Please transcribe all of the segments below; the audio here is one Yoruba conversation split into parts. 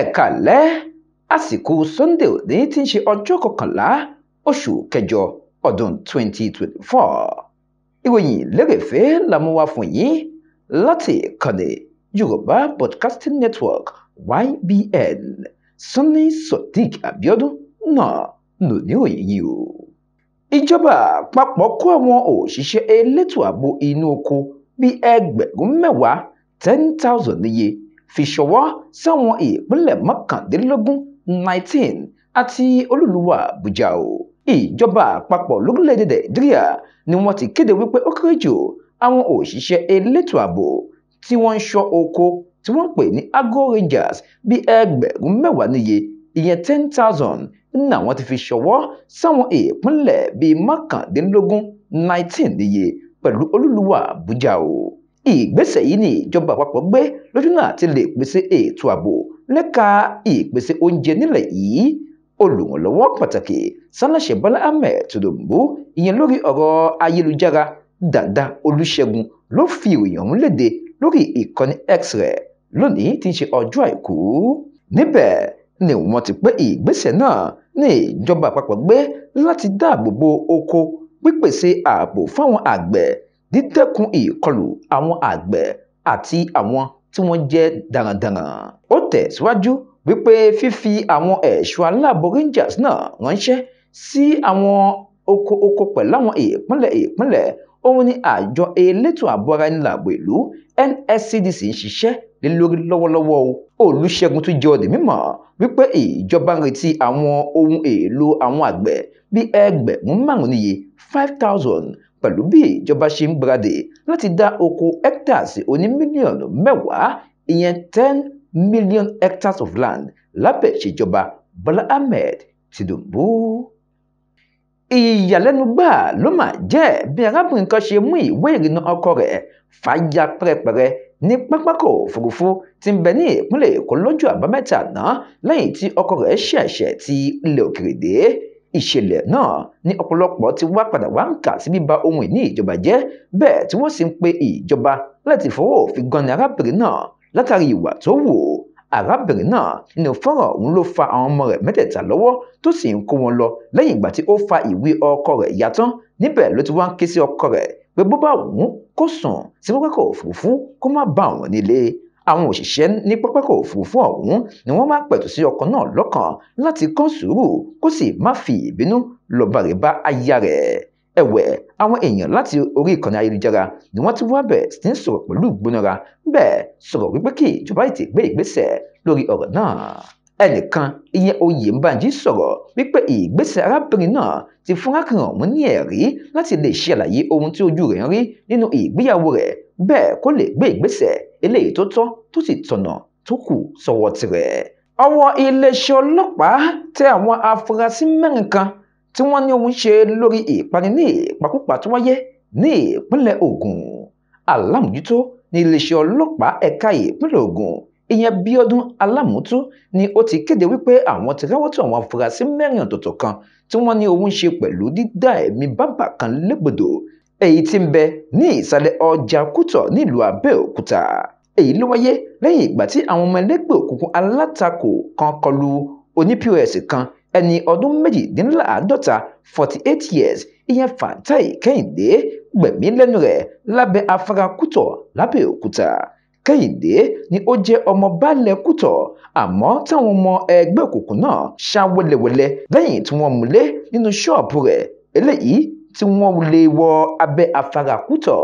ẹ̀kàlẹ́ àsìkò sunday òní ti ń ṣe ọjọ́ kọkànlá oṣù kẹjọ ọdún 2024 ìròyìn lérèfé la mú wá fún yín láti ìkànnì yorùbá broadcasting network ybn sanni sodiq abiodun náà lò ní òyìn yìí o. ìjọba àpapọ̀ kó àwọn òṣìṣẹ́ elétò ààbò inú oko bíi ẹgbẹ̀rún mẹ́wàá ten thousand níye fi ṣọwọ́ sáwọn ìpínlẹ̀ mọ́kàndínlógún nineteen àti olúluwà Àbújá o. ìjọba àpapọ̀ lórílẹ̀‐èdè Nàìjíríà ni wọ́n ti kéde wípé ó kéré jù àwọn òṣìṣẹ́ elétò ààbò tí wọ́n ń ṣọ́ oko tí wọ́n ń pè ní agro rangers bíi ẹgbẹ̀rún mẹ́wàá níye ìyẹn ten thousand ní àwọn ti fi ṣọwọ́ sáwọn ìpínlẹ̀ bíi mọ́kàndínlógún nineteen níye pẹ̀lú olúluwà Àbújá o ìgbésẹ̀ yìí ni ìjọba àpapọ̀ gbé lójúnà àti lè pèsè ètò ààbò lẹ́ka ìpèsè oúnjẹ nílẹ̀ yìí olùrànlọ́wọ́ pàtàkì sálàṣẹ bọ́lá ahmed tinubu ìyẹn lórí ọ̀rọ̀ ayélujára dàda olùṣègùn ló fi ìròyìn ọ̀hún léde lórí ìkànnì x rẹ̀ lónìí tí ń ṣe ọjọ́ àìkú níbẹ̀ ni wọ́n ti pé ìgbésẹ̀ náà ní ìjọba àpapọ̀ gbé láti dáàbò bo oko pípèsè ààbò fáwọn àgbẹ̀ dídẹ́kun ìkọlù àwọn àgbẹ̀ àti àwọn tí wọ́n jẹ́ darandaran. ó tẹ̀síwájú wípé fífi àwọn ẹ̀ṣọ́ aláàbò rangers náà ránṣẹ́ sí àwọn oko oko pẹ̀lú àwọn ìpínlẹ̀ ìpínlẹ̀ òun ni àjọ elétò ààbò ara ẹni làbò ìlú NSCDC ń ṣiṣẹ́ lé lórí lọ́wọ́lọ́wọ́ o. Olúṣẹ́gun tún jẹ́ ọdẹ mímọ̀ wípé ìjọba ń retí àwọn ohun èlò àwọn àgbẹ̀ bíi ẹgbẹ̀rún márùn-ún níye five thousand pẹ̀lú bí ìjọba ṣe ń gbáradì láti dá oko hectares oní mílíọ̀nù mẹ́wàá ìyẹn ten million hectares of land lábẹ́ ìṣèjọba Bọ́lá Ahmed Tinubu ìyàlẹ́nu gbà ló mà jẹ́ bí arábìnrin kan ṣe mú ìwé ìrìnnà ọkọ rẹ̀ fàájà pẹ́rẹpẹ́rẹ ní pápákọ̀ òfurufú tí ń bẹ ní ìpínlẹ̀ Èkó lọ́jọ́ àbámẹ́ta náà lẹ́yìn tí ọkọ rẹ̀ ṣẹ̀ṣẹ̀ ti ilẹ̀ òkèrè dé ìṣẹ̀lẹ̀ náà ní ọ̀pọ̀lọpọ̀ ti wá padà wá ń kà sí bíba ohun ìní ìjọba jẹ́ bẹ́ẹ̀ tí wọ́n sì ń pe ìjọba láti fọwọ́ òfin ganni arábìnrin náà látàrí ìwà tó wù ú arábìnrin náà nínú fọ́nrán ọ̀hún ló fa àwọn ọmọ rẹ̀ mẹ́tẹ̀ẹ̀ta lọ́wọ́ tó sì ń kó wọn lọ lẹ́yìn ìgbà tí ó fa ìwé ọkọ rẹ̀ ya tán níbẹ̀ ló ti wá ń ké sí ọkọ rẹ̀ pé bó bá wù ú kó sùn sí pápákọ̀ òfurufú kó má bá àwọn nílé àwọn òṣìṣẹ́ ní pápákọ̀ òfurufú ọ̀hún ni wọ́n máa pẹ̀tù sí ọkọ̀ náà lọ́kàn láti kọ́ sùúrù kó sì má fi ìbínú lọ́ba rẹ̀ bá aya rẹ̀ ẹ̀wẹ̀ àwọn èèyàn láti orí ìkànnì ayélujára ni wọ́n ti wá bẹ̀ sí ń sọ̀rọ̀ pẹ̀lú ìgbónára bẹ́ẹ̀ sọ̀rọ̀ wípé kí ìjọba ètè gbé ìgbésẹ̀ lórí ọ̀rọ̀ náà ẹnìkan ìyẹn Oyèbánjí sọ̀rọ̀ wípé ìgbésẹ̀ arábìnrin náà ti fún arákùnrin ọ̀hún ní ẹ̀rí láti lè ṣe àlàyé ohun tí ojú rẹ̀ ń rí nínú ìgbéyàwó rẹ̀ bẹ́ẹ̀ kó lè gbé ìgbésẹ̀ eléyìí tó tọ́ tó sì tọ̀nà tó kù sọ́wọ́ tirẹ̀. ọwọ́ iléeṣẹ́ ọlọ́pàá tẹ àwọn afurasí mẹ́rin kan tí wọ́n ní ohun ṣe lórí ìpani ní ìpakúpa tó wáyé ní ìpínlẹ̀ ogun, alámòjútó ní iléeṣẹ́ ọlọ́pàá ẹ̀ka ìpínlẹ̀ Ògùn ìyẹn Bíọ́dún Alámùtú ni ó ti kéde wípé àwọn ti rẹ́wọ́ tó àwọn afurasí mẹ́rin ọ̀tọ̀ọ̀tọ̀ kan tí wọ́n ní ohun ṣe pẹ̀lú dídá ẹ̀mí bábà kan légbodò èyí tí ń bẹ ní ìsàlẹ̀ ọjà kútọ̀ nílùú Abẹ́òkúta èyí ló wáyé lẹ́yìn ìgbà tí àwọn ọmọ ẹlẹ́gbẹ́ òkùnkùn alátakò kan kọlu oní POS kan ẹni ọdún méjìdínláàádọ́ta forty eight years ìyẹn Fatai Kẹ́hìndé gbẹ̀mí lẹ́nu rẹ̀ lábẹ́ afárá kútọ̀ lábẹ́òkúta Kẹ́hìndé ni ó jẹ́ ọmọ baálẹ̀ kútọ̀ àmọ́ táwọn ọmọ ẹgbẹ́ òkùnkùn náà ṣá wẹ́lẹ́wẹ́lẹ́ lẹ́yìn tí wọ́n múlé nínú ṣọ́ọ̀bù rẹ̀ eléyìí tí wọ́n lè wọ abẹ́ afárakútọ̀.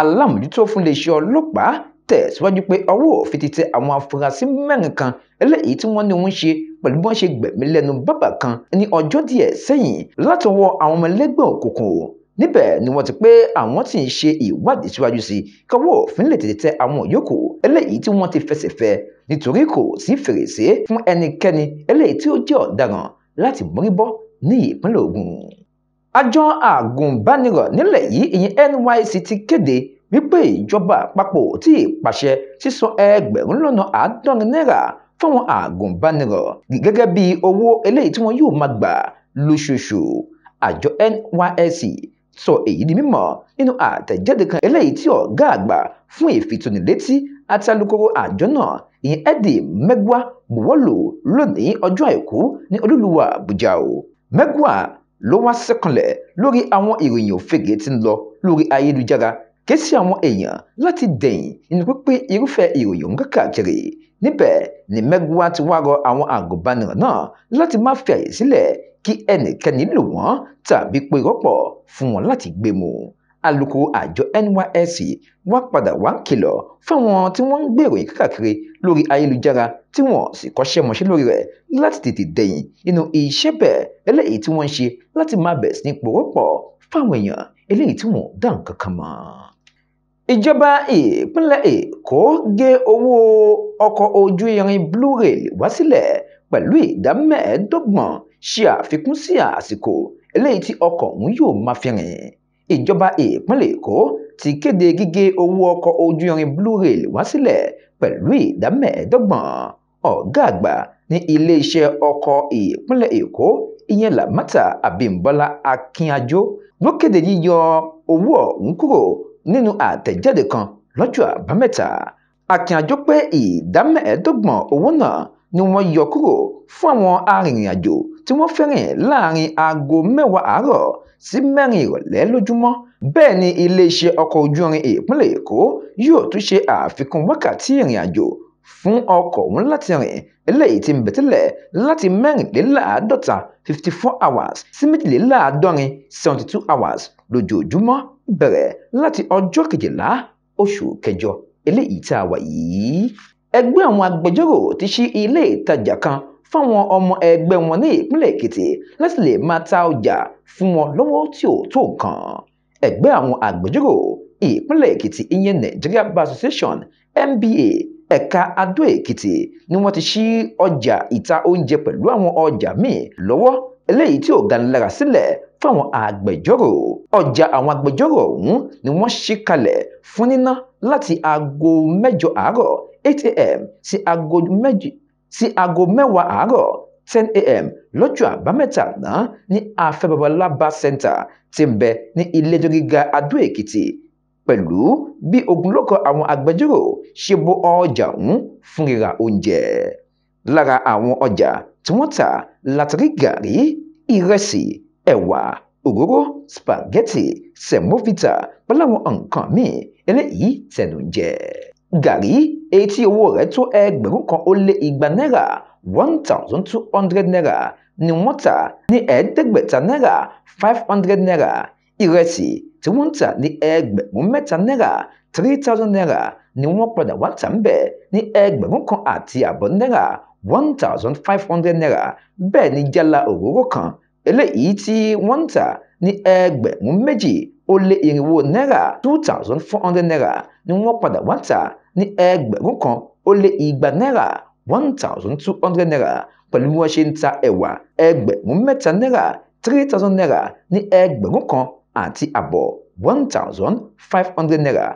alámòjútó fún iléeṣẹ́ ọlọ́pàá tẹ̀síwájú pé ọwọ́ òfin ti tẹ àwọn afurasí mẹ́rin kan eléyìí tí wọ́n ní wọ́n ṣe pẹ̀lú bí wọ́n ṣe gbẹ̀mí lẹ́nu bábà kan ní ọjọ́ díẹ̀ sẹ́yìn látọwọ́ àwọn ọmọ ẹlẹ́gbẹ́ òkùnkùn níbẹ̀ ni wọ́n ti pé àwọn tí ń ṣe ìwádìí síwájú sí i kọ́wọ́ òfin lè tètè tẹ àwọn yòókù eléyìí tí wọ́n ti fẹsẹ̀ fẹ́ nítorí kò sí fèrèsé fún ẹnikẹ́ni eléyìí tí ó jẹ́ ọ̀daràn láti mórí bọ́ ní ìpínlẹ̀ Ògùn àjọ àgùnbánirọ̀ nílẹ̀ yìí ìyẹn NYSC ti kéde wípé ìjọba àpapọ̀ tí ì pàṣẹ sísan ẹgbẹ̀rún lọ́nà àádọ́rin náírà fáwọn àgùnbánirọ̀ gẹ́gẹ́ bí owó eléyìí tí wọn yóò máa gbà lóṣooṣù àjọ NYSC sọ èyí di mímọ̀ nínú àtẹ̀jáde kan eléyìí tí ọ̀gá àgbà fún ìfitónilétí àti alukoro àjọ náà ìyẹn Eddie Megwa buwọ́lù lónìí ọjọ́ àìkú ní olúluwà Àbújá o Megwa ló wá ṣẹ̀kànlẹ̀ lórí àwọn ìròyìn òfegè tí ń lọ lórí ayélujára ké sí àwọn èèyàn láti dẹ̀yìn nínú pípín irúfẹ́ ìròyìn òun káàkiri níbẹ̀ ni mẹ́gúwá ti wá rọ àwọn àgùnbánirọ̀ náà láti má fi àyè sílẹ̀ kí ẹnikẹ́ni lò wọ́n tàbí pé rọ́pò fún wọn láti gbé mu alūkó àjọ NYSC wá padà wá kìlọ̀ fáwọn tí wọ́n ń gbèrò yìí káàkiri lórí ayélujára tí wọ́n sì kọ́ṣẹ́mọṣẹ́ lórí rẹ̀ láti tètè dẹ̀yìn nínú iṣẹ́ bẹ́ẹ̀ eléyìí tí wọ́n ń ṣe láti máa bẹ̀ sí ní pòwọ́pọ̀ fáwọn èèyàn eléyìí tí wọ́n dá nǹkan kan mọ́. ìjọba ìpínlẹ̀ Èkó gé owó ọkọ̀ ojú irin Blue Rail wá sílẹ̀ pẹ̀lú ìdá mẹ́ẹ̀ẹ́dọ́gbọ̀n ṣe àfikún sí àsìkò eléyìí tí ọkọ̀ ọ̀hún yóò máa fi rìn ìjọba ìpínlẹ̀ èkó ti kéde gígé owó ọkọ̀ ojú irin blue rail wá sílẹ̀ pẹ̀lú ìdá mẹ́ẹ̀ẹ́dọ́gbọ̀n ọ̀gá àgbà ní iléeṣẹ́ ọkọ̀ ìpínlẹ̀ èkó ìyẹn làmátà abímbọ́lá akínàjò ló kéde yíyọ owó ọ̀hún kúrò nínú àtẹ̀jáde kan lọ́jọ́ àbámẹ́ta akínàjò pé ìdá mẹ́ẹ̀ẹ́dọ́gbọ̀n owó náà ni wọ́n yọ kúrò fún àwọn arìnrìn-àjò tí wọ́n fẹ́ rìn láàrin aago mẹ́wàá àárọ̀ sí mẹ́rin ìrọ̀lẹ́ lójúmọ́ bẹ́ẹ̀ ni iléeṣẹ́ ọkọ̀ ojú irin ìpínlẹ̀ èkó yóò tún ṣe àfikún wákàtí ìrìn àjò fún ọkọ̀ òun láti rìn eléyìí tí ń láti mẹ́rìnléláàádọ́ta fifty four hours sí méjìléláàádọ́rin seventy two hours lójoojúmọ́ bẹ̀rẹ̀ láti ọjọ́ kejìlá oṣù kẹjọ eléyìí tá a wà yìí. ẹgbẹ́ àwọn agbẹjọ́rò ti ṣí ilé ìtajà kan fáwọn ọmọ ẹgbẹ́ wọn ní ìpínlẹ̀ èkìtì láti lè máa ta ọjà fún wọn lọ́wọ́ tí ò tó nǹkan ẹgbẹ́ àwọn agbẹjọ́rò ìpínlẹ̀ èkìtì ìyẹn nigeria bar association nba ẹ̀ka adó èkìtì ni wọ́n ti ṣí ọjà ìta oúnjẹ pẹ̀lú àwọn ọjà míì lọ́wọ́ eléyìí tí ò ganilára sílẹ̀ fáwọn agbẹjọ́rò ọjà àwọn agbẹjọ́rò ọ̀hún ni wọ́n ṣí kalẹ̀ fún níná láti aago mẹ́jọ àárọ̀ eight am sí aago sí aago mẹ́wàá àárọ̀ ten a.m. lọ́jọ́ àbámẹ́ta náà ní afẹ́ babalábá center tí ń bẹ ní iléjọ́ gíga adó èkìtì pẹ̀lú bí ogunlọ́kọ̀ àwọn agbẹjọ́rò ṣe bo ọjà ọ̀hún fún rírà oúnjẹ lára àwọn ọjà tí wọ́n tà látàrí gàrí ìrẹsì ẹ̀wà òróró spaghetti semovita pẹ̀lú àwọn nǹkan míì eléyìí tẹnu jẹ gàrí èyí tí owó rẹ̀ tó ẹgbẹ̀rún kan ó lé igba náírà one thousand two hundred naira ni wọ́n tà ní ẹ̀ẹ́dẹ́gbẹ̀ta náírà five hundred naira ìrẹsì tí wọ́n ń tà ní ẹgbẹ̀rún mẹ́ta náírà three thousand naira ni wọ́n padà wá tà ń bẹ̀ ní ẹgbẹ̀rún kan àti àbọ̀ náírà one thousand five hundred naira bẹ́ẹ̀ ni jálá òróró kan eléyìí tí wọ́n ń tà ní ẹgbẹ̀rún méjì ó lé irinwó náírà two thousand four hundred naira ni wọ́n padà wá tà ní ẹgbẹ̀rún kan ó lé igba náírà one thousand two hundred naira pẹ̀lú bí wọ́n ṣe ń ta ẹ̀wà ẹgbẹ̀rún mẹ́ta náírà three thousand naira ní ẹgbẹ̀rún kan àti àbọ̀ one thousand five hundred naira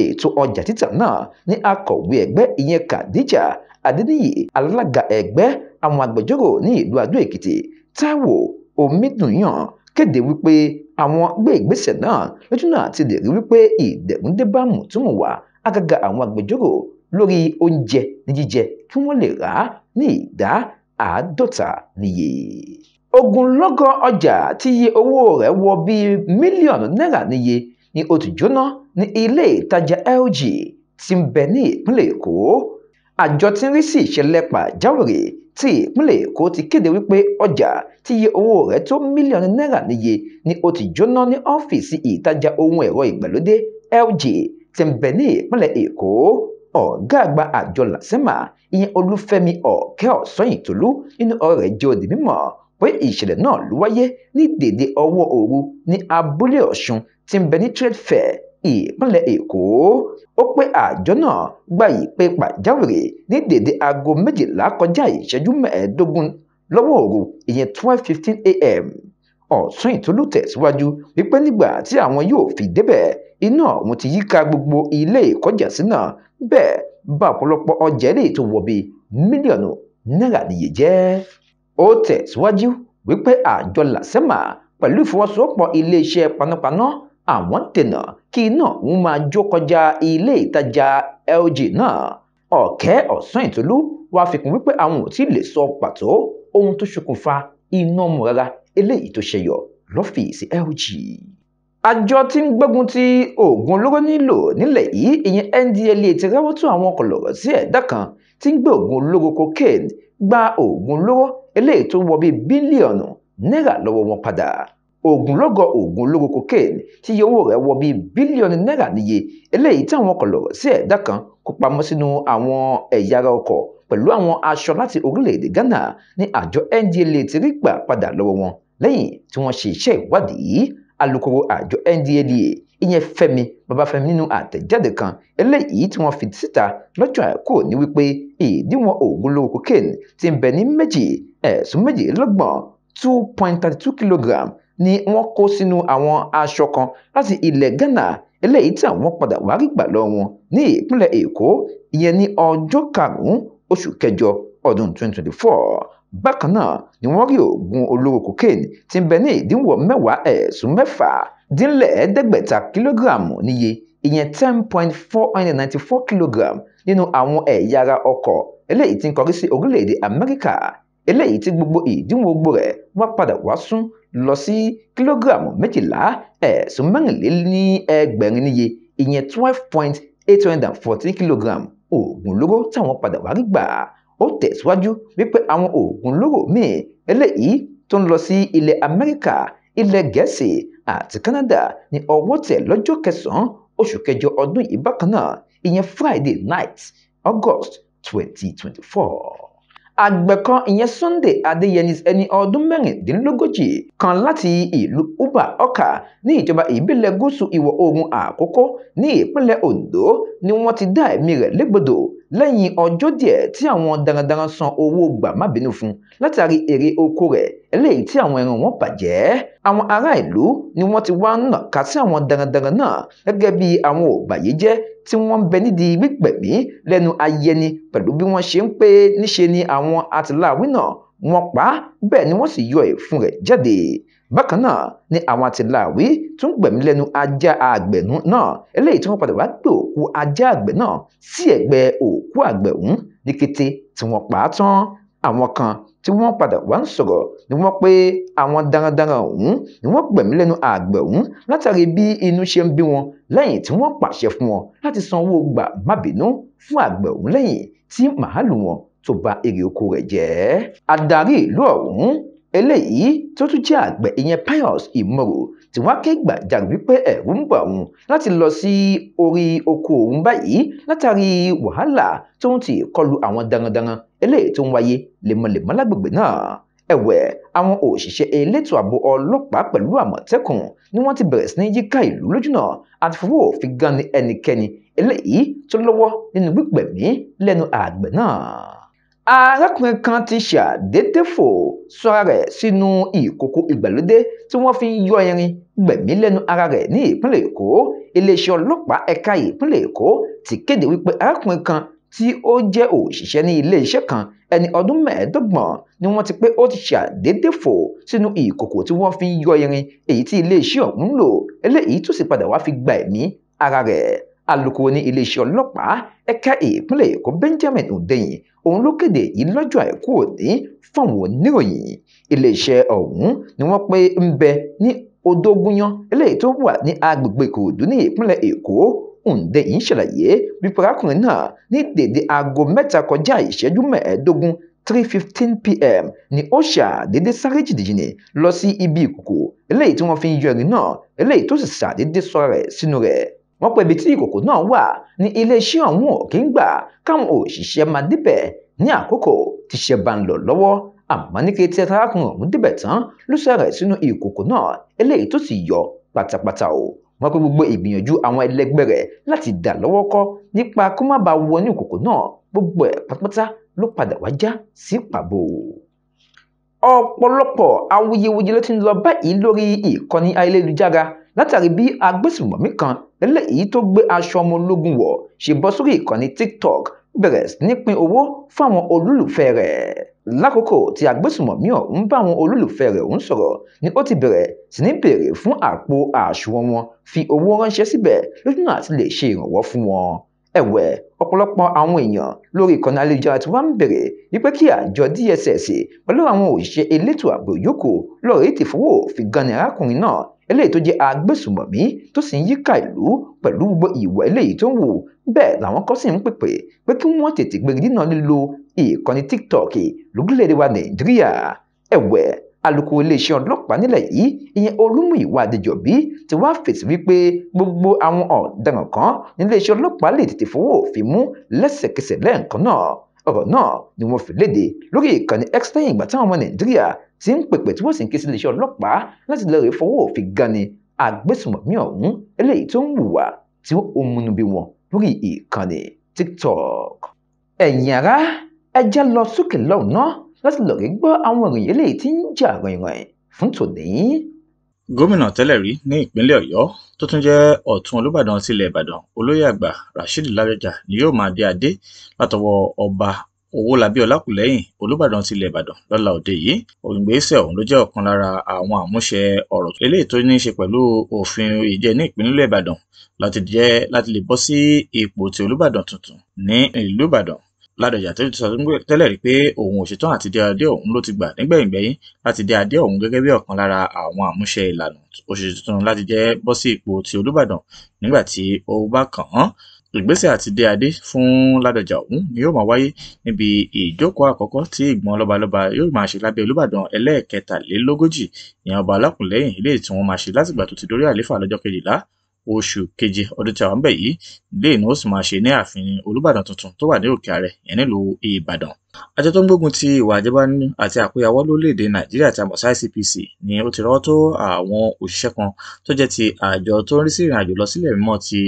ètò ọjà títà náà ní akọ̀wé ẹgbẹ́ ìyẹn Khadija Adéníyì alága ẹgbẹ́ àwọn agbẹjọ́rò ní ìlú Adó Èkìtì Táíwò Omídùnyàn kéde wípé àwọn gbé ìgbésẹ̀ náà lójúnà ti lè rí wípé ìdẹ̀rùndé bá mùtúmùwà àgàgà àwọn agbẹjọ́rò lórí oúnjẹ ní jíjẹ kí wọ́n lè rà á ní ìdá àádọ́ta níye. ogunlọ́gọ̀ ọjà tí iye owó rẹ̀ wọ bíi mílíọ̀nù náírà níye ni ó ti jóná ní ilé ìtajà LG tí ń bẹ ní ìpínlẹ̀ Èkó àjọ tí ń rí sí ìṣẹ̀lẹ̀ pàjáwìrì tí ìpínlẹ̀ Èkó ti kéde wípé ọjà tí iye owó rẹ̀ tó mílíọ̀nù náírà níye ni ó ti jóná ní ọ́fíìsì ìtajà ohun ẹ̀rọ ìgbàlódé LG tẹ̀m̀bẹ̀lì ìpínlẹ̀ èkó ọ̀gá àgbà àjọ làsẹ́mà ìyẹn olúfẹ́mi ọ̀kẹ́ ọ̀sọ́yìntòlú nínú ọ̀rọ̀ rẹ̀ jẹ́ òdì mímọ̀ pé ìṣẹ̀lẹ̀ náà ló wáyé ní dèdè ọwọ́ òru ní abúlé ọ̀ṣun tí ń bẹ ní trade fair ìpínlẹ̀ èkó ó pé àjọ náà gba ìpè pàjáwìrì ní dèdè aago méjìlá kọjá ìṣẹ́jú mẹ́ẹ̀ẹ́dógún lọ́wọ́ òru ìyẹn twelve fifteen a.m. ọ̀sùn ìtúlù tẹ̀síwájú wípé nígbà tí àwọn yóò fi débẹ̀ iná ọ̀hún ti yíká gbogbo ilé ìkọ́jàsí náà bẹ́ẹ̀ bà ọ̀pọ̀lọpọ̀ ọjà eléyìí tó wọ̀ bíi mílíọ̀nù náírà nìyí jẹ́ ó tẹ̀síwájú wípé àjọ làsẹ́mà pẹ̀lú ìfọwọ́sowọ́pọ̀ iléeṣẹ́ panápaná àwọn dènà kí iná òun máa jó kọjá ilé ìtajà LG náà ọ̀kẹ́ ọ̀sán ìtòlú wá fi kún wípé àwọn ò tí ì lè sọ pàtó ohun tó ṣokùnfà iná mú eléyìí tó ṣẹyọ lọ́fíìsì LG àjọ tí ń gbógun ti oògùn olóró nílò nílẹ̀ yìí ìyẹn NDLEA ti rẹ́wọ́ tó àwọn kọlọ̀rọ̀ sí ẹ̀dá kan tí ń gbé oògùn olóró cocaine gba oògùn olóró eléyìí tó wọ bíi bílíọ̀nù náírà lọ́wọ́ wọn padà ògùnlọ́gọ̀ ògùn olóró cocaine tí iye owó rẹ̀ wọ bíi bílíọ̀nù náírà níye eléyìí táwọn kọlọ̀rọ̀ sí ẹ̀dá kan kó pamọ́ sínú àwọn ẹ̀yà ara ọkọ̀ pẹ̀lú àwọn aṣọ láti orílẹ̀-èdè Ghana ní àjọ NDLEA ti rí gbà padà lọ́wọ́ wọn lẹ́yìn tí wọ́n ṣe iṣẹ́ ìwádìí alukoro àjọ NDLEA ìyẹn Fẹ́mi Babafẹ́mi nínú àtẹ̀jáde kan eléyìí tí wọ́n fi síta lọ́jọ́ àìkú ní wípé ìdíwọ̀n oògùn olóró cocaine ti ń bẹ ní méjì ẹ̀sùn méjìlélọ́gbọ̀n two point thirty two kilogram ni wọ́n kó sínú àwọn aṣọ kan láti ilẹ̀ Ghana eléyìí tí àwọn padà wá rí gbà lọ wọn ní ìpínlẹ̀ Èkó ìyẹn ní ọjọ́ karùn oṣù kẹjọ ọdún twenty twenty four bákan náà ni wọ́n rí oògùn olóró cocaine tí ń bẹ ní ìdínwó mẹ́wàá ẹ̀sùn mẹ́fà dínlẹ̀ẹ́dẹ́gbẹ̀ta kìlógíráàmù níye ìyẹn ten point four hundred ninety four kilogram nínú àwọn ẹ̀yà ara ọkọ̀ eléyìí tí ń kọrí sí orílẹ̀-èdè amẹ́ríkà eléyìí tí gbogbo ìdínwó gbogbo rẹ̀ wá padà wá sún lọ sí kílógíráàmù méjìlá ẹ̀sùn mẹ́rìnléní níye ìyẹn twelve point eight hundred and fourteen kilogram oògùn olóró táwọn padà wá rí gbà ó tẹ̀síwájú wípé àwọn ògúnlówó míì eléyìí tó ń lọ sí ilẹ̀ amẹ́ríkà ilẹ̀ gẹ̀ẹ́sì àti canada ní ọwọ́ tẹ̀ lọ́jọ́ kẹsàn-án oṣù kẹjọ ọdún yìí bákan náà ìyẹn friday night august twenty twenty four àgbẹ̀ kan ìyẹn sunday adéyẹni ẹni ọdún mẹ́rìndínlógójì kan láti ìlú uba ọkà ní ìjọba ìbílẹ̀ gúúsù ìwọ̀ oòrùn àkókó ní ìpínlẹ̀ ondo ni wọ́n ti dá ẹ̀mí rẹ̀ légbodò lẹ́yìn ọjọ́ díẹ̀ tí àwọn darandaran san owó gbà má bínú fún látàrí èrè oko rẹ̀ eléyìí tí àwọn ẹran wọn bàjẹ́ àwọn ará ìlú ni wọ́n ti wá ń nàka sí àwọn darandaran náà gẹ́gẹ́ bí àwọn òbàyéjẹ́ tí wọ́n ń bẹ nídìí gbígbẹ̀mí lẹ́nu ayẹni pẹ̀lú bí wọ́n ṣe ń pé níṣe ni àwọn àtìláàwí náà wọ́n pa bẹ́ẹ̀ ni wọ́n sì yọ ìfun rẹ̀ jáde bákan náà ni àwọn àtìláàwí tún gbẹ̀mí lẹ́nu ajá àgbẹ̀ náà eléyìí tí wọ́n padà wá gbé òkú ajá àgbẹ̀ náà sí ẹ̀gbẹ́ òkú àgbẹ̀ ọ̀hún ní kété tí wọ́n pa á tán àwọn kan tí wọ́n padà wá ń sọ̀rọ̀ ni wọ́n pé àwọn darandaran ọ̀hún ni wọ́n gbẹ̀mí lẹ́nu àgbẹ̀ ọ̀hún látàrí bí inú ṣe ń bí wọn lẹ́yìn tí wọ́n pàṣẹ fún wọn láti san owó gbà má fún àgbẹ̀ ọ̀hún lẹ́yìn tí màálù wọn tó ba èrè oko rẹ̀ jẹ́. adarí ìlú ọ̀hún eléyìí tó tún jẹ́ àgbẹ̀ ìyẹn pius ìmọ̀rò tí wọ́n á ké wípé ẹ̀rù ń bà òun láti lọ sí orí oko òun báyìí látàrí wàhálà tó ń ti kọlu àwọn darandaran eléyìí tó ń wáyé lemọ́lemọ́ lágbègbè náà ẹ̀wẹ̀ àwọn òṣìṣẹ́ elétò ààbò ọlọ́pàá pẹ̀lú àmọ̀tẹ́kùn ni wọ́n ti bẹ̀rẹ̀ sí ní yíká ìlú lójúnà àti fọwọ́ òfin gan ni ẹnikẹ́ni eléyìí tó lọ́wọ́ nínú gbígbẹ̀mí lẹ́nu àgbẹ̀ náà arákùnrin kan ti ṣàdédé fò sọra rẹ̀ sínú ìkòkò ìgbàlódé tí wọ́n fi ń yọ irin gbẹ̀mí lẹ́nu ara rẹ̀ ní ìpínlẹ̀ èkó iléeṣẹ́ ọlọ́pàá ẹ̀ka ìpínlẹ̀ èkó ti kéde wípé arákùnrin kan tí ó jẹ́ òṣìṣẹ́ ní iléeṣẹ́ kan ẹni ọdún mẹ́ẹ̀ẹ́dọ́gbọ̀n ni wọ́n ti pé ó ti ṣàdédé fò sínú ìkòkò tí wọ́n fi ń yọ irin èyí tí iléeṣẹ́ ọ̀hún lò eléyìí tó sì padà wá fi gba ẹ̀mí ara rẹ̀ alūkkóró ní iléeṣẹ́ ọlọ́pàá ẹ̀ka ìpínlẹ̀ èkó benjamin hundeyin òun ló kéde èyí lọ́jọ́ àìkú òní fáwọn oníròyìn iléeṣẹ́ ọ̀hún ni wọ́n pé ń bẹ ní odógúnyán eléyìí tó wà ní agbègbè ìkòròdú ní ìpínlẹ̀ èkó hundeyin ṣàlàyé wípé arákùnrin náà ní dèdè aago mẹ́ta kọjá ìṣẹ́jú mẹ́ẹ̀ẹ́dógún three fifteen pm ni ó ṣàdédé sáré jìnnìjìnnì lọ sí ibi ìkòkò eléyìí tí wọ́n fi ń yọ ẹ̀rín náà eléyìí tó sì ṣàdédé sọ rẹ̀ sínú rẹ̀ wọ́n pé ibi tí ìkòkò náà wà ní iléeṣẹ́ ọ̀hún ò kí ń gbà káwọn òṣìṣẹ́ máa débẹ̀ ní àkókò tíṣẹ́ bá ń lọ lọ́wọ́ àmọ́ ní kété arákùnrin ọ̀hún débẹ̀ tán ló sọ̀rọ̀ sínú ìkòkò náà eléyìí tó sì yọ pátápátá o wọ́n pé gbogbo ìgbìyànjú àwọn ẹlẹgbẹ́ rẹ̀ láti dà lọ́wọ́ kọ́ nípa kó má bàa wọ ní ìkòkò náà gbogbo ẹ̀ pátápátá ló padà wá já sí pàbó ọ̀pọ̀lọpọ̀ awuyewuye ló ti ń lọ báyìí lórí ìkànnì ayélujára látàrí bí agbésùmọ̀mí kan eléyìí tó gbé aṣọ ọmọ ológun wọ̀ ṣe bọ́ sórí ìkànnì tiktok bẹ̀rẹ̀ sí ní pín owó fáwọn olólùfẹ́ rẹ̀ lákòókò tí agbésùmọ̀mí ọ̀hún bá àwọn olólùfẹ́ rẹ̀ ń sọ̀rọ̀ ni ó ti bẹ̀rẹ̀ sí ní béèrè fún àpò àṣùwọ̀n wọn fi owó ránṣẹ́ síbẹ̀ lójúnà àti lè ṣe ìrànwọ́ fún wọn ẹ̀wẹ̀ ọ̀pọ̀lọpọ̀ àwọn èèyàn lórí ìkànnì àlejòra tí wọ́n ń bèrè wípé kí àjọ DSS pẹ̀lú àwọn òṣìṣẹ́ elétò ààbò yòókù lọ́ọ̀rẹ́ ti fowó fi gan ni arákùnrin náà eléyìí tó jẹ́ agbésùmọ̀mí tó sì ń yíká ìlú pẹ̀lú gbogbo ìwà eléyìí tó ń wò bẹ́ẹ̀ làwọn kan sì ń pèpè pé kí wọ́n tètè gbé dínà lílo ìkànnì tiktok lórílẹ̀‐èdè nàìjíríà ẹ̀wẹ̀ alukoro iléeṣẹ́ ọlọ́pàá nílẹ̀ yìí ìyẹn olúmúyìwá adéjọ́bí ti wá fèsì wípé gbogbo àwọn ọ̀daràn kan níléeṣẹ́ ọlọ́pàá lè tètè fọwọ́ òfin mú lẹ́sẹ̀kẹsẹ̀ lẹ́ẹ̀kan náà ọ̀rọ̀ náà ni wọ́n fi léde lórí ìkànnì x lẹ́yìn ìgbà táwọn ọmọ nàìjíríà tí ń pèpè tí wọ́n sì ń ké sí iléeṣẹ́ ọlọ́pàá láti lọ rè fọwọ́ òfin gani agbésùmọ̀mí ọ̀hún eléyìí tó ń wùwà tí ó múnú bí wọn lórí ìkànnì tiktok. ẹ̀yin ará ẹ jẹ́ lọ sókè lọ́hùn náà láti lọ rè gbọ́ àwọn ìròyìn eléyìí tí ń jà rìnrìn fún tòní. gómìnà tẹ́lẹ̀ rí ní ìpínlẹ̀ ọ̀yọ́ tó tún jẹ́ ọ̀tún olùbàdàn tilẹ̀ ìbàdàn olóyè àgbà rasheed lárẹ́jà ni yóò máa dé adé látọwọ́ ọba Owólabí Ọlákùlẹ́yìn Olúbàdàn tilẹ̀ Ìbàdàn lọ́la òde yìí ògbésẹ̀ ọ̀hún ló jẹ́ ọ̀kan lára àwọn àmúṣe ọ̀rọ̀ eléyìí tó ní í ṣe pẹ̀lú òfin ìjẹ ní ìpínlẹ̀ Ìbàdàn láti jẹ́ láti lè bọ́ sí ipò ti Olúbàdàn tuntun ní ìlú Ìbàdàn Ládọjà tó ti sọ tẹ́lẹ̀ rí pé òun ò ṣetán àti dé adé ọ̀hún ló ti gbà nígbẹ̀yìngbẹ̀yìn láti dé adé ọ̀hún gẹ́gẹ́ bí ọ̀kan lára àwọn àmúṣe ìlànà òṣèṣe tuntun láti jẹ́ bọ́ sí ipò ti Olúbàdàn nígbà tí ó bá kàn án ìgbésẹ̀ àti dé adé fún Ládọjà ọ̀hún ni yóò máa wáyé níbi ìjókòó àkọ́kọ́ tí ìgbìmọ̀ lọ́balọ́ba yóò máa ṣe lábẹ́ Olúbàdàn ẹlẹ́ẹ̀kẹtàlélógójì ìyẹn ọba Alákùnlẹ́yìn eléyìí tí wọ́n máa ṣe látìgbà tó ti dórí àlééfà lọ́jọ́ kejìlá oṣù keje ọdún tí a wà ń bẹ̀ yìí léyìí ni ó sì máa ṣe ní ààfin Olúbàdàn tuntun tó wà ní Òkè Àrẹ ìyẹn nílùú Ìbàdàn àjọ tó ń gbógun ti ìwà àjẹbánu àti àkóyawọ́ lórílẹ̀ nàìjíríà tí a mọ̀ sí ICPC ni ó ti rọ́wọ́ tó àwọn òṣìṣẹ́ kan tó jẹ́ ti àjọ tó ń rí sí ìrìnàjò lọ sílẹ̀ mímọ́ ti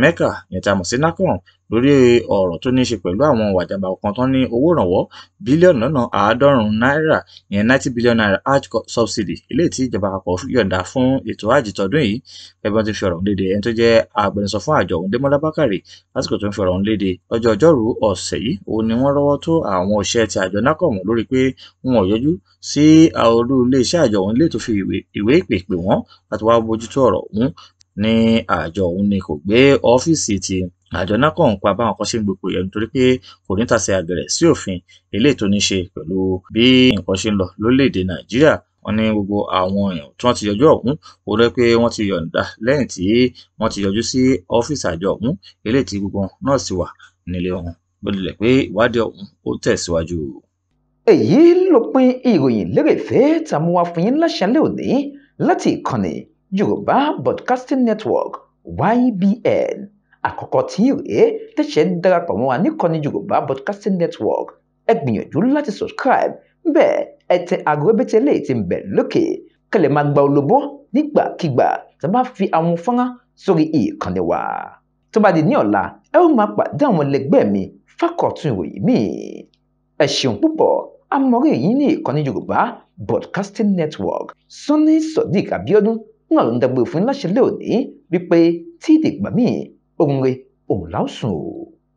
Mẹ́kà Nètàmọ́sí Nákọ́n lórí ọ̀rọ̀ tó ní ṣe pẹ̀lú àwọn ìwà jàǹbá kan tó ní owó ìrànwọ́ bílíọ̀nù lọ́nà àádọ́rùn-ún náírà ìyẹn ninety billion naira Hajj subsidy eléyìí tí ìjọba àpapọ̀ yọ̀ǹda fún ètò Hajj tọdún yìí gẹ́gẹ́ bí wọ́n ti fi ọ̀rọ̀ ọ̀hún léde ẹni tó jẹ́ agbẹnusọ fún àjọ ọ̀hún Dẹ́mọ́lá Bákàrè lásìkò tó ń fi ọ̀rọ̀ ọ̀hún léde ọjọ́ Ọjọ́rú ọ̀sẹ̀ yìí òun ni wọ́n rọ́wọ́ tó àwọn òṣìṣẹ́ ti àjọ NACOM lórí pé wọn ò yọjú sí olú iléeṣẹ́ àjọ ọ̀hún lè tó fi ìwé ìpè pè wọ́n láti ní àjọ òun ni kò gbé ọ́fíìsì ti àjọ náà ń pa báwọn kan ṣe ń gbogbo yẹn nítorí pé kò ní tàsé àgẹ̀rẹ̀ sí òfin eléyìí tó ní ṣe pẹ̀lú bí nǹkan ṣe ń lọ lórílẹ̀‐èdè nàìjíríà wọ́n ní gbogbo àwọn èèyàn tí wọ́n ti yọjú ọ̀hún ó rẹ pé wọ́n ti yọ̀ǹda lẹ́yìn tí wọ́n ti yọjú sí ọ́fíìsì àjọ ọ̀hún eléyìí tí gbogbo náà sì wà nílé wọn bó tilẹ̀ pé ìwádìí ọ̀hún ó tẹ̀síwájú. èyí ló pin ìròyìn lérèfé tàmúwa fún yín láṣálẹ́ òní láti ìkànnì yorùbá broadcasting network ybn àkọ́kọ́ tí rèé tẹ̀sẹ̀ darapọ̀ mọ́ wa níkànnì yorùbá broadcasting network ẹ gbìyànjú láti subscribe bẹ́ẹ̀ ẹ tẹ aago rẹ́bẹ̀tẹ̀ lè ti bẹ̀ lókè kẹlẹ̀ máa gba olóbó nígbàkigbà tí a bá fi àwọn fọ́nrán sórí ìkànnì wa tó bá di ní ọ̀la ẹ ó máa pàdé àwọn ẹlẹgbẹ́ mi fákọ̀tún ìròyìn míì ẹ ṣeun púpọ̀ amọ̀rí yìí ní ìkànnì yorùbá broadcasting network Sunny Sodiq Abiodun náà ló ń dàgbò fún láṣẹ lónìí wípé tí ìdìgbà míì òun re òun láò sùn o.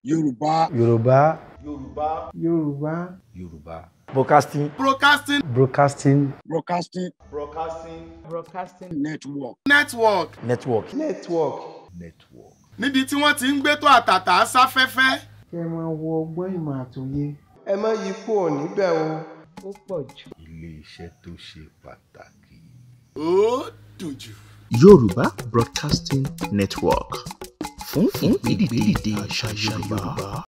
yorùbá yorùbá yorùbá yorùbá yorùbá. broadcasting broadcasting broadcasting broadcasting broadcasting broadcasting network network network network network. níbi tí wọ́n ti ń gbé tó àtàtà sáfẹ́fẹ́. kẹ́ ẹ máa wo ọgbọ́n ìmọ̀ àtòyé. ẹ má yí kúrò níbẹ̀ o. ó pọ̀ jù. ilé iṣẹ́ tó ṣe pàtàkì. ó dùn Yorùbá Broadcasting Network fún ìgbèdìde àṣà Yorùbá.